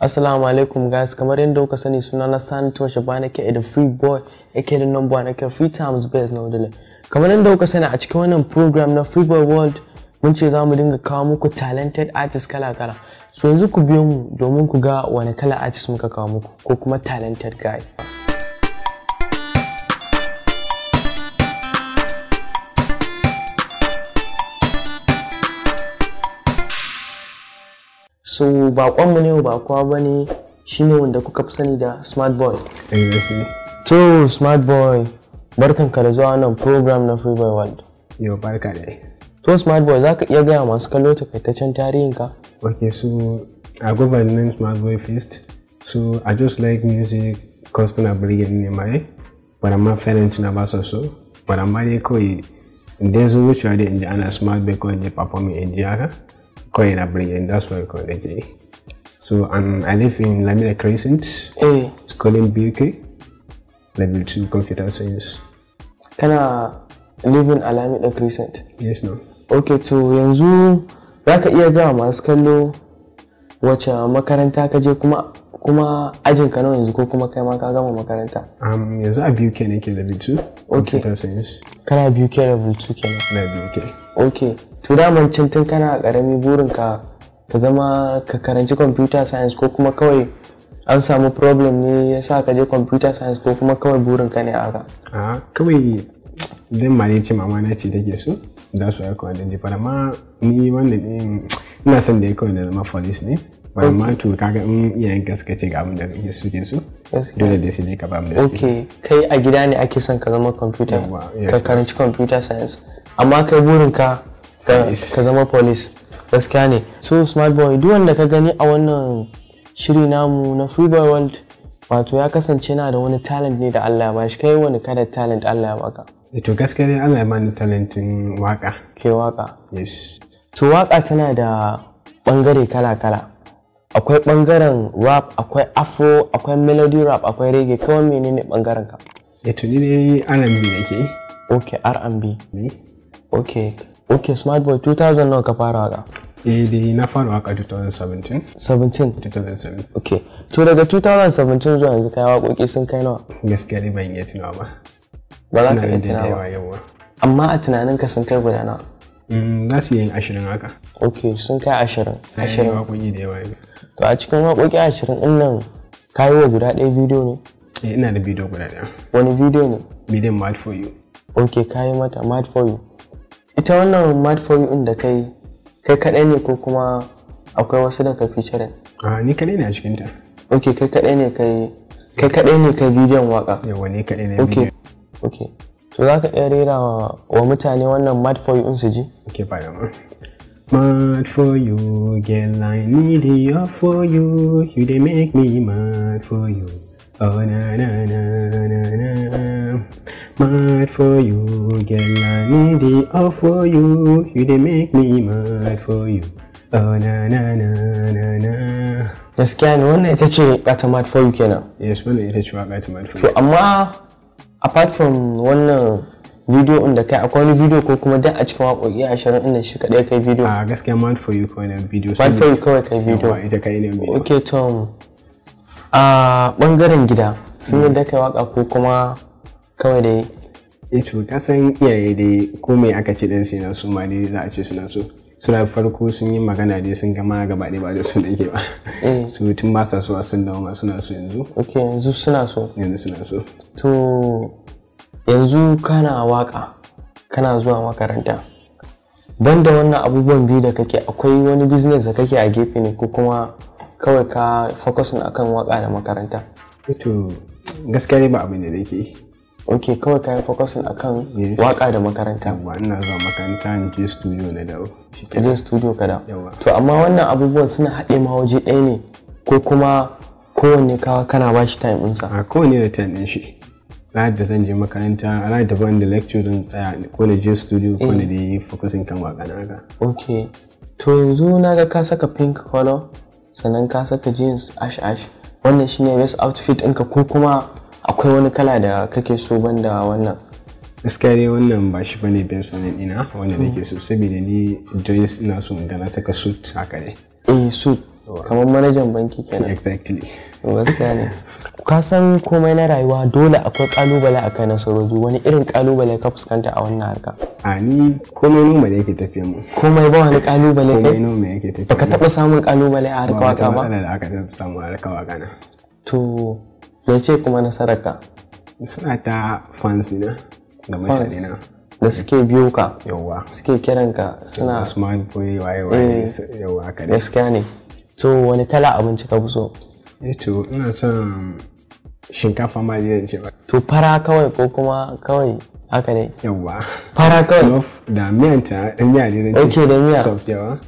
Assalamu alaikum guys kamar yadda kuka sani suna na Santo Shabana ke da Free Boy ake da number one ake Free Times Best na wadala. Kamar yadda kuka sani a cikin wannan program na Free Boy World mun ce za mu dinga kawo muku talented artist kala kala. So yanzu ku biyo mu domin ku ga wani kala artist muka kawo muku ko kuma talented guy. so bakonmu ne ba kowa ba ne shine wanda kuka fi sani da smart boy eh, to smart boy barkanka da zuwa nan program na freeway world yau barka da to smart boy za ka iya gaya masu kallo takaitaccen tarihinka ok so i go by the name smart boy first so i just like music constant abirigin ne ma eh but amma parents na ba su so but amma dai kawai in dai zo wucewa dai ana smart boy kawai in papa performing in ji haka coin na bringing that's why call it. yi so um, i live in lamina crescent Hey. Eh. it's called buk level 2 computer science Can I live in lamina crescent yes no okay to yanzu za ka iya ga masu kallo wacce makaranta ka je kuma kuma ajin ka yanzu ko kuma kai ma ka gama makaranta um, yanzu a biyu ke nake level 2 okay computer science kana biyu ke level 2 kenan na biyu ke okay to daman can tun kana karami burinka ka zama ka karanci computer science ko kuma kawai an samu problem ne ya sa ka je computer science ko kuma kawai burinka ne haka a kawai zan ma ce mama na ce take so da su aika wannan jefa ma ni wanda ne ina son da ya kawai da zama police ne ba ma to kaga in iyayen ka suka ce ga abin da kake suke so dole da ne ka ba mu da okay kai a gida ne ake son ka zama computer ka karanci computer science amma kai burinka. ka zama police gaskiya ne so smart boy duk wanda ka gani a wannan shiri namu na free boy world wato ya kasance na da wani talent ne da Allah ya shi kai wani kada talent Allah ya baka eh, to gaskiya ne Allah ya bani talentin waka ke waka yes to waka tana da bangare kala kala akwai bangaren rap akwai afro akwai melody rap akwai reggae kawai menene bangaren ka ya tuni ne R&B nake okay R&B ok ok smart boy 2000 nawa ka fara waka eh dai na fara waka 2017 17 2017 ok to daga 2017 zuwa yanzu kai waƙoƙi sun kai nawa gaskiya dai ban iya tunawa ba ba za ka yi tunawa ba amma a tunanin ka sun kai guda nawa mm, za su yin ashirin haka ok sun kai ashirin ashirin waƙoƙi da yawa to a cikin waƙoƙi ashirin in nan kayi wa guda ɗaya bidiyo ne eh ina da bidiyo guda ɗaya wani bidiyo ne bidiyon mad for you ok kayi mata mad for you ita wannan mad for you da kai kai kaɗai ne ko kuma akwai wasu da ka feature a ah, ni kaɗai ne a cikin ta ok kai kaɗai ne kai kai kaɗai ne kai bidiyon waka yawa ne kaɗai ne ok ok to za ka iya rera wa mutane wannan mad for you su ji ok ba da ma Mad for you, girl, I need you for you. You dey make me mad for you. Oh na na na na na. mad for you girl i need it all for you you dey make me mad for you oh na na na na na gaskiya ne wannan ita ce ta mad for you kenan yes wannan ita ce waka ta mad for you to amma apart from wannan video da kai akwai wani video ko kuma duk a cikin waƙoƙi ashirin inda shi kaɗai kai video a ah, gaskiya mad for you kawai nan video mad for you kawai kai video ita kai nan video okay tom a ah, bangaren gida sun hmm. yadda kai waƙa ko kuma kawai dai eh to ka san iyaye dai ko mai aka ce dan sai na su ma dai za a ce suna so suna farko sun yi magana dai sun gama gaba ɗaya ba da su da ke ba eh. su tun ba sa so a sun dawo suna so yanzu ok yanzu suna so yanzu suna so to yanzu kana waka kana zuwa makaranta banda wannan abubuwan biyu da kake akwai wani business da kake a gefe ne ko kuma kawai ka focus akan waka da makaranta eh to gaskiya ne ba abin da nake ok kawai kayan focusin akan waka da makaranta yawa ina zuwa makaranta in je studio na dawo shi je studio ka dawo to amma wannan abubuwan suna haɗe ma waje ɗaya ne ko kuma kowanne kawa kana ba shi time ɗinsa a kowanne da time ɗin shi ranar da zan je makaranta ranar da ban da lecture zan tsaya ko na je studio ko na eh. dai focusing kan waka na haka ok to yanzu na ga ka saka pink color sannan ka saka jeans ash ash wannan shine best outfit ɗinka ko kuma akwai wani kala da kake so banda wannan gaskiya ne wannan ba shi bane bin sunan ina wanda hmm. nake so saboda ni dress ina so in gana saka suit haka ne eh suit kamar manajan banki kenan exactly gaskiya ne ka san komai na rayuwa dole akwai kalubale akai nasarori wani irin kalubale ka fuskanta a wannan harka a ni komai noma da yake tafiya mu komai ba wani kalubale kai komai noma yake tafiya baka taba samun kalubale a harkawa ta ba ba da aka taba samu a harka waka to ce kuma nasararka nasara ta fansi na da mutane na da suke biyo ka suke kiran ka suna smart boy waye waye eh. ka gaskiya ne to wani kala abinci ka fi so eh to ina son shinkafa ma zai ce ba to fara kawai ko kuma kawai haka ne fara kawai da miyan ta miya ne zan ce da miya soft yawa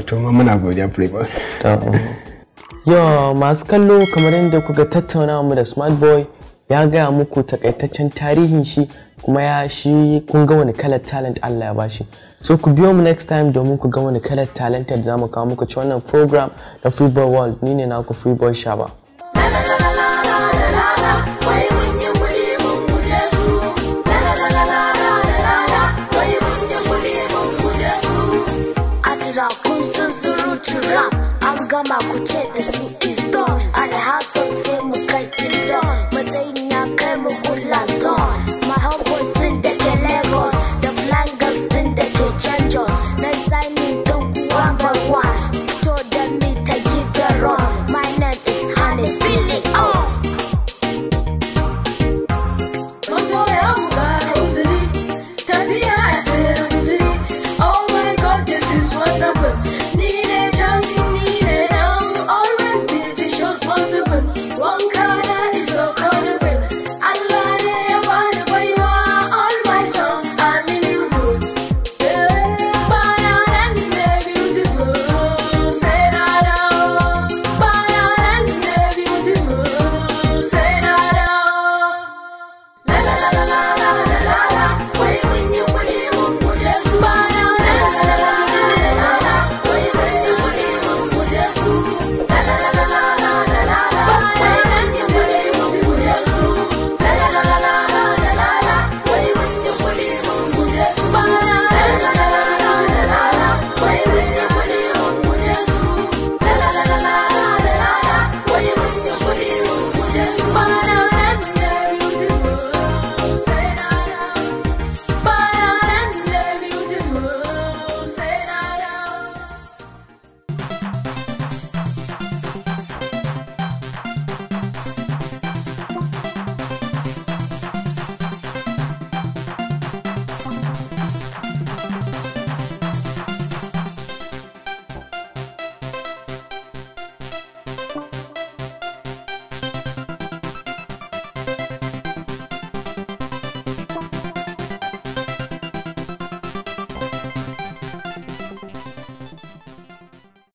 to muna godiya playboy yo masu kallo kamar yadda kuka tattauna mu da smart boy ya gaya muku takaitaccen tarihin shi kuma ya shi kun ga wani kalar talent Allah ya bashi so ku biyo mu next time domin ku ga wani kalar talent da zamu kawo muku ci wannan program na Freeboy World ni ne naku Freeboy Shaba. to rap. I'm gonna kuchete, si is done. And the house